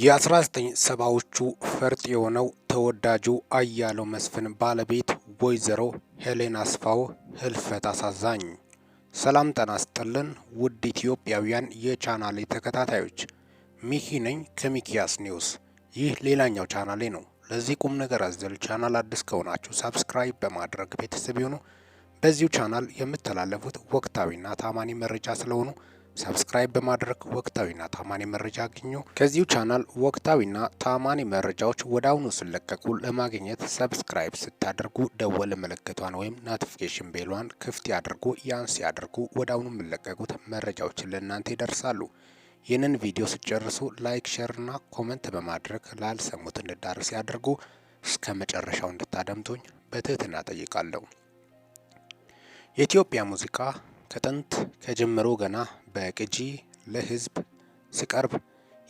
የ1970ዎቹ ፈርጥ የሆነው ተወዳጁ አያሌው መስፍን ባለቤት ወይዘሮ ሄሌን አስፋው ህልፈት አሳዛኝ። ሰላም ጤና ይስጥልን ውድ ኢትዮጵያውያን የቻናሌ ተከታታዮች፣ ሚኪ ነኝ ከሚኪያስ ኒውስ። ይህ ሌላኛው ቻናሌ ነው። ለዚህ ቁም ነገር አዘል ቻናል አዲስ ከሆናችሁ ሳብስክራይብ በማድረግ ቤተሰብ ይሁኑ። በዚሁ ቻናል የምተላለፉት ወቅታዊና ታማኒ መረጃ ስለሆኑ ሰብስክራይብ በማድረግ ወቅታዊና ታማኒ መረጃ አግኙ። ከዚሁ ቻናል ወቅታዊና ታማኒ መረጃዎች ወደ አሁኑ ሲለቀቁ ለማግኘት ሰብስክራይብ ስታደርጉ ደወል ምልክቷን ወይም ኖቲፊኬሽን ቤሏን ክፍት ያድርጉ። ያን ሲያደርጉ ወደ አሁኑ የሚለቀቁት መረጃዎች ለእናንተ ይደርሳሉ። ይህንን ቪዲዮ ስጨርሱ ላይክ፣ ሼርና ኮመንት በማድረግ ላልሰሙት እንዲዳረስ ያድርጉ። እስከ መጨረሻው እንድታደምጡኝ በትህትና ጠይቃለሁ። የኢትዮጵያ ሙዚቃ ከጥንት ከጀምሮ ገና በቅጂ ለህዝብ ስቀርብ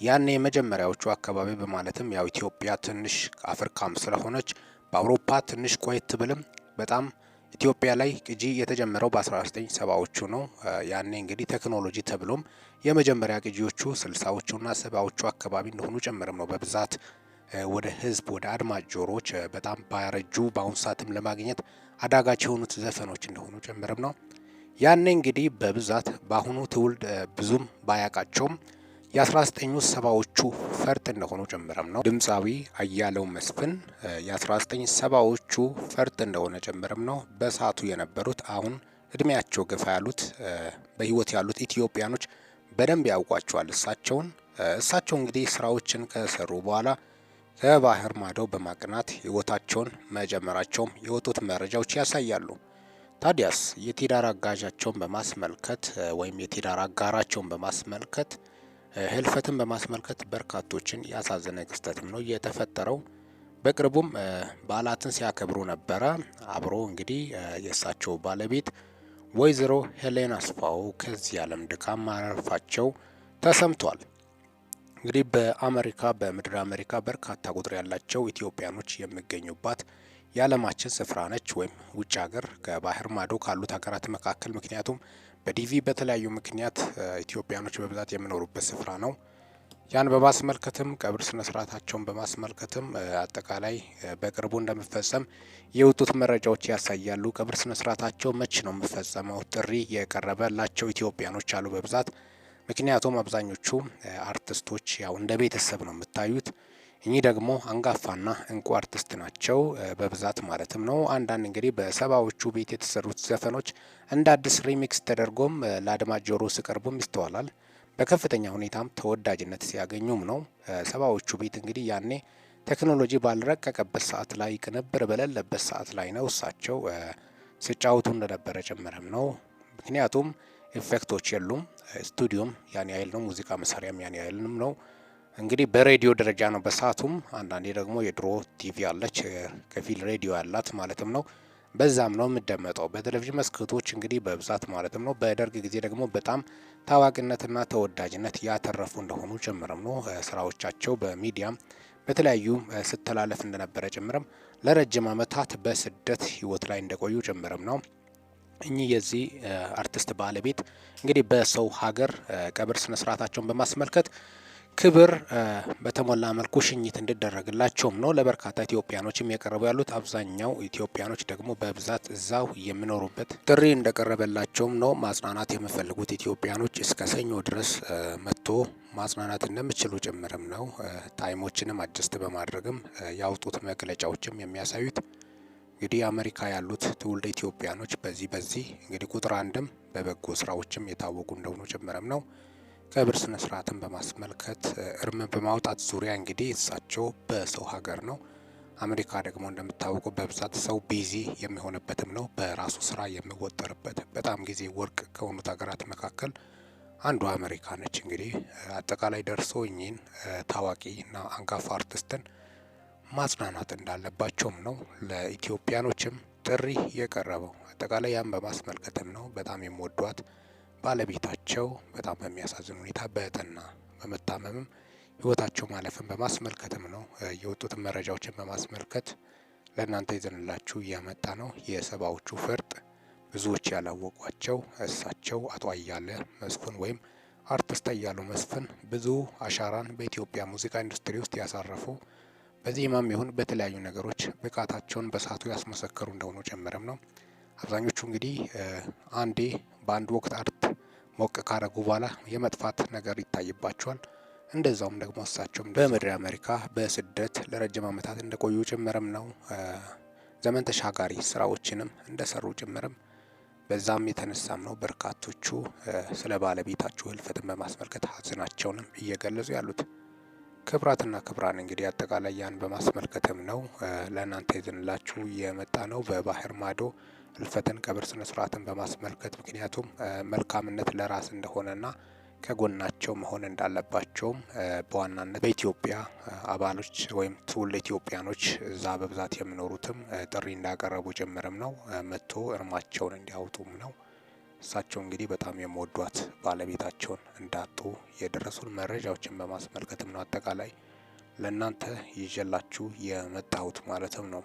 ያኔ የመጀመሪያዎቹ አካባቢ በማለትም ያው ኢትዮጵያ ትንሽ አፍሪካም ስለሆነች በአውሮፓ ትንሽ ቆየት ብልም በጣም ኢትዮጵያ ላይ ቅጂ የተጀመረው በ1970ዎቹ ነው። ያኔ እንግዲህ ቴክኖሎጂ ተብሎም የመጀመሪያ ቅጂዎቹ 60ዎቹና 70ዎቹ አካባቢ እንደሆኑ ጭምርም ነው በብዛት ወደ ህዝብ ወደ አድማጭ ጆሮዎች በጣም ባያረጁ በአሁኑ ሰዓትም ለማግኘት አዳጋች የሆኑት ዘፈኖች እንደሆኑ ጭምርም ነው። ያኔ እንግዲህ በብዛት በአሁኑ ትውልድ ብዙም ባያቃቸውም የ 19 ሰባዎቹ ፈርጥ እንደሆኑ ጭምርም ነው። ድምፃዊ አያለው መስፍን የ1970ዎቹ ፈርጥ እንደሆነ ጭምርም ነው። በሰዓቱ የነበሩት አሁን እድሜያቸው ገፋ ያሉት በህይወት ያሉት ኢትዮጵያኖች በደንብ ያውቋቸዋል እሳቸውን። እሳቸው እንግዲህ ስራዎችን ከሰሩ በኋላ ከባህር ማዶ በማቅናት ህይወታቸውን መጀመራቸውም የወጡት መረጃዎች ያሳያሉ። ታዲያስ የትዳር አጋዣቸውን በማስመልከት ወይም የትዳር አጋራቸውን በማስመልከት ህልፈትን በማስመልከት በርካቶችን ያሳዘነ ክስተትም ነው የተፈጠረው። በቅርቡም በዓላትን ሲያከብሩ ነበረ። አብሮ እንግዲህ የእሳቸው ባለቤት ወይዘሮ ሄሌን አስፋው ከዚህ ዓለም ድካም ማረፋቸው ተሰምቷል። እንግዲህ በአሜሪካ በምድር አሜሪካ በርካታ ቁጥር ያላቸው ኢትዮጵያኖች የሚገኙባት የዓለማችን ስፍራ ነች ወይም ውጭ ሀገር ከባህር ማዶ ካሉት ሀገራት መካከል ምክንያቱም በዲቪ በተለያዩ ምክንያት ኢትዮጵያኖች በብዛት የሚኖሩበት ስፍራ ነው። ያን በማስመልከትም ቀብር ስነ ስርዓታቸውን በማስመልከትም አጠቃላይ በቅርቡ እንደሚፈጸም የወጡት መረጃዎች ያሳያሉ። ቀብር ስነ ስርዓታቸው መች ነው የሚፈጸመው? ጥሪ የቀረበላቸው ኢትዮጵያኖች አሉ በብዛት ምክንያቱም አብዛኞቹ አርቲስቶች ያው እንደ ቤተሰብ ነው የምታዩት። እኚህ ደግሞ አንጋፋና እንቁ አርቲስት ናቸው በብዛት ማለትም ነው። አንዳንድ እንግዲህ በሰባዎቹ ቤት የተሰሩት ዘፈኖች እንደ አዲስ ሪሚክስ ተደርጎም ለአድማጭ ጆሮ ሲቀርቡም ይስተዋላል። በከፍተኛ ሁኔታም ተወዳጅነት ሲያገኙም ነው። ሰባዎቹ ቤት እንግዲህ ያኔ ቴክኖሎጂ ባልረቀቀበት ሰዓት ላይ ቅንብር በሌለበት ሰዓት ላይ ነው እሳቸው ሲጫወቱ እንደነበረ ጭምርም ነው። ምክንያቱም ኢፌክቶች የሉም። ስቱዲዮም ያን ያህል ነው። ሙዚቃ መሳሪያም ያን ያህልም ነው። እንግዲህ በሬዲዮ ደረጃ ነው በሰዓቱም አንዳንዴ ደግሞ የድሮ ቲቪ አለች ከፊል ሬዲዮ ያላት ማለትም ነው። በዛም ነው የምደመጠው። በቴሌቪዥን መስኮቶች እንግዲህ በብዛት ማለትም ነው። በደርግ ጊዜ ደግሞ በጣም ታዋቂነትና ተወዳጅነት ያተረፉ እንደሆኑ ጭምርም ነው ስራዎቻቸው በሚዲያም በተለያዩ ስተላለፍ እንደነበረ ጭምርም ለረጅም ዓመታት በስደት ህይወት ላይ እንደቆዩ ጭምርም ነው። እኚህ የዚህ አርቲስት ባለቤት እንግዲህ በሰው ሀገር ቀብር ስነስርዓታቸውን በማስመልከት ክብር በተሞላ መልኩ ሽኝት እንዲደረግላቸውም ነው ለበርካታ ኢትዮጵያኖችም የቀረቡ ያሉት። አብዛኛው ኢትዮጵያኖች ደግሞ በብዛት እዛው የሚኖሩበት ጥሪ እንደቀረበላቸውም ነው ማጽናናት የሚፈልጉት ኢትዮጵያኖች እስከ ሰኞ ድረስ መጥቶ ማጽናናት እንደሚችሉ ጭምርም ነው። ታይሞችንም አጀስት በማድረግም ያወጡት መግለጫዎችም የሚያሳዩት እንግዲህ አሜሪካ ያሉት ትውልደ ኢትዮጵያኖች በዚህ በዚህ እንግዲህ ቁጥር አንድም በበጎ ስራዎችም የታወቁ እንደሆኑ ጭምርም ነው። ቀብር ስነ ስርዓትን በማስመልከት እርም በማውጣት ዙሪያ እንግዲህ እሳቸው በሰው ሀገር ነው። አሜሪካ ደግሞ እንደምታወቀው በብዛት ሰው ቢዚ የሚሆንበትም ነው፣ በራሱ ስራ የሚወጠርበት በጣም ጊዜ ወርቅ ከሆኑት ሀገራት መካከል አንዱ አሜሪካ ነች። እንግዲህ አጠቃላይ ደርሶ እኚህን ታዋቂና አንጋፋ አርቲስትን ማጽናናት እንዳለባቸውም ነው ለኢትዮጵያኖችም ጥሪ የቀረበው። አጠቃላይ ያም በማስመልከትም ነው በጣም የምወዷት ባለቤታቸው በጣም በሚያሳዝን ሁኔታ በጠና በመታመምም ህይወታቸው ማለፍን በማስመልከትም ነው የወጡትን መረጃዎችን በማስመልከት ለእናንተ ይዘንላችሁ እያመጣ ነው። የሰባዎቹ ፈርጥ ብዙዎች ያላወቋቸው እሳቸው አቶ አያለ መስፍን ወይም አርቲስት አያሉ መስፍን ብዙ አሻራን በኢትዮጵያ ሙዚቃ ኢንዱስትሪ ውስጥ ያሳረፉ በዜማም ይሁን በተለያዩ ነገሮች ብቃታቸውን በሳቱ ያስመሰከሩ እንደሆኑ ጨምረም ነው። አብዛኞቹ እንግዲህ አንዴ በአንድ ወቅት አርት ሞቅ ካረጉ በኋላ የመጥፋት ነገር ይታይባቸዋል። እንደዛውም ደግሞ እሳቸውም በምድር አሜሪካ በስደት ለረጅም ዓመታት እንደቆዩ ጭምርም ነው። ዘመን ተሻጋሪ ስራዎችንም እንደሰሩ ጭምርም በዛም የተነሳም ነው በርካቶቹ ስለ ባለቤታቸው ህልፈትን በማስመልከት ሀዘናቸውንም እየገለጹ ያሉት። ክብራትና ክብራን እንግዲህ አጠቃላይ ያን በማስመልከትም ነው ለእናንተ ይዘንላችሁ የመጣ ነው። በባህር ማዶ ህልፈትን ቀብር ስነ ስርዓትን በማስመልከት ምክንያቱም መልካምነት ለራስ እንደሆነና ከጎናቸው መሆን እንዳለባቸውም በዋናነት በኢትዮጵያ አባሎች ወይም ትውል ኢትዮጵያኖች እዛ በብዛት የሚኖሩትም ጥሪ እንዳቀረቡ ጭምርም ነው። መጥቶ እርማቸውን እንዲያወጡም ነው። እሳቸው እንግዲህ በጣም የመወዷት ባለቤታቸውን እንዳጡ የደረሱን መረጃዎችን በማስመልከትም ነው አጠቃላይ ለእናንተ ይዤላችሁ የመጣሁት ማለትም ነው።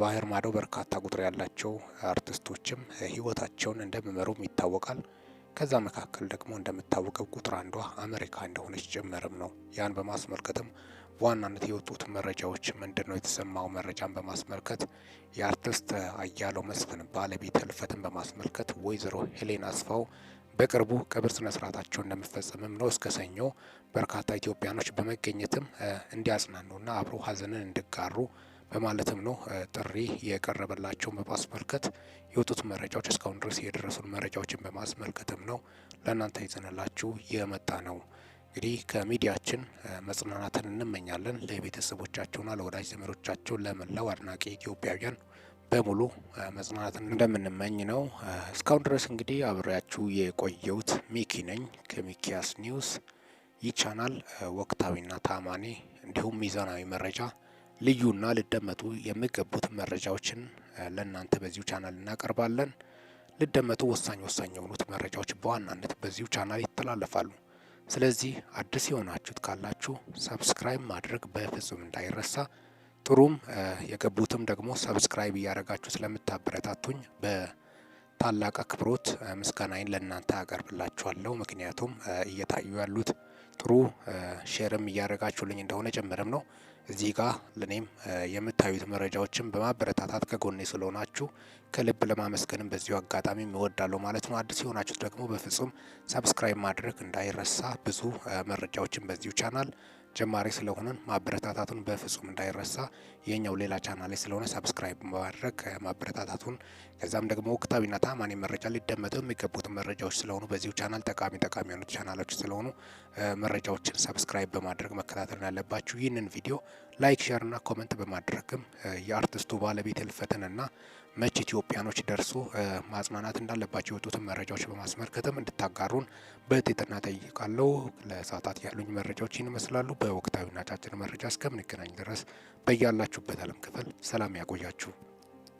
ባህር ማዶ በርካታ ቁጥር ያላቸው አርቲስቶችም ህይወታቸውን እንደሚመሩም ይታወቃል። ከዛ መካከል ደግሞ እንደምታወቀው ቁጥር አንዷ አሜሪካ እንደሆነች ጭምርም ነው። ያን በማስመልከትም በዋናነት የወጡት መረጃዎች ምንድን ነው? የተሰማው መረጃን በማስመልከት የአርቲስት አያለው መስፍን ባለቤት ህልፈትን በማስመልከት ወይዘሮ ሄሌን አስፋው በቅርቡ ቀብር ስነ ስርዓታቸው እንደምፈጸምም ነው። እስከ ሰኞ በርካታ ኢትዮጵያኖች በመገኘትም እንዲያጽናኑና አብሮ ሀዘንን እንዲጋሩ በማለትም ነው ጥሪ የቀረበላቸውን በማስመልከት የወጡት መረጃዎች እስካሁን ድረስ የደረሱን መረጃዎችን በማስመልከትም ነው ለእናንተ ይዘንላችሁ የመጣ ነው። እንግዲህ ከሚዲያችን መጽናናትን እንመኛለን። ለቤተሰቦቻቸውና ለወዳጅ ዘመዶቻቸው ለመላው አድናቂ ኢትዮጵያውያን በሙሉ መጽናናትን እንደምንመኝ ነው። እስካሁን ድረስ እንግዲህ አብሬያችሁ የቆየሁት ሚኪ ነኝ ከሚኪያስ ኒውስ። ይህ ቻናል ወቅታዊና ታማኒ እንዲሁም ሚዛናዊ መረጃ ልዩና ሊደመጡ የሚገቡት መረጃዎችን ለእናንተ በዚሁ ቻናል እናቀርባለን። ልደመጡ ወሳኝ ወሳኝ የሆኑት መረጃዎች በዋናነት በዚሁ ቻናል ይተላለፋሉ። ስለዚህ አዲስ የሆናችሁት ካላችሁ ሰብስክራይብ ማድረግ በፍጹም እንዳይረሳ። ጥሩም የገቡትም ደግሞ ሰብስክራይብ እያደረጋችሁ ስለምታበረታቱኝ በታላቅ አክብሮት ምስጋናዬን ለእናንተ አቀርብላችኋለሁ። ምክንያቱም እየታዩ ያሉት ጥሩ ሼርም እያደረጋችሁልኝ እንደሆነ ጭምርም ነው። እዚህ ጋር ለእኔም የምታዩት መረጃዎችን በማበረታታት ከጎኔ ስለሆናችሁ ከልብ ለማመስገንም በዚሁ አጋጣሚ እወዳለሁ ማለት ነው። አዲስ የሆናችሁት ደግሞ በፍጹም ሰብስክራይብ ማድረግ እንዳይረሳ። ብዙ መረጃዎችን በዚሁ ቻናል ጀማሪ ስለሆነን ማበረታታቱን በፍጹም እንዳይረሳ። የኛው ሌላ ቻናል ላይ ስለሆነ ሰብስክራይብ በማድረግ ማበረታታቱን፣ ከዛም ደግሞ ወቅታዊና ታማኝ መረጃ ሊደመጠው የሚገቡት መረጃዎች ስለሆኑ በዚሁ ቻናል ጠቃሚ ጠቃሚ የሆኑት ቻናሎች ስለሆኑ መረጃዎችን ሰብስክራይብ በማድረግ መከታተል ያለባችሁ ይህንን ቪዲዮ ላይክ ሸርና ኮመንት በማድረግም የአርቲስቱ ባለቤት ና መች ኢትዮጵያኖች ደርሶ ማጽናናት እንዳለባቸው የወጡትን መረጃዎች በማስመልከትም እንድታጋሩን በትህትና ጠይቃለሁ። ለሰዓታት ያሉኝ መረጃዎች ይመስላሉ። ና አጫጭር መረጃ እስከምንገናኝ ድረስ በያላችሁበት ዓለም ክፍል ሰላም ያቆያችሁ።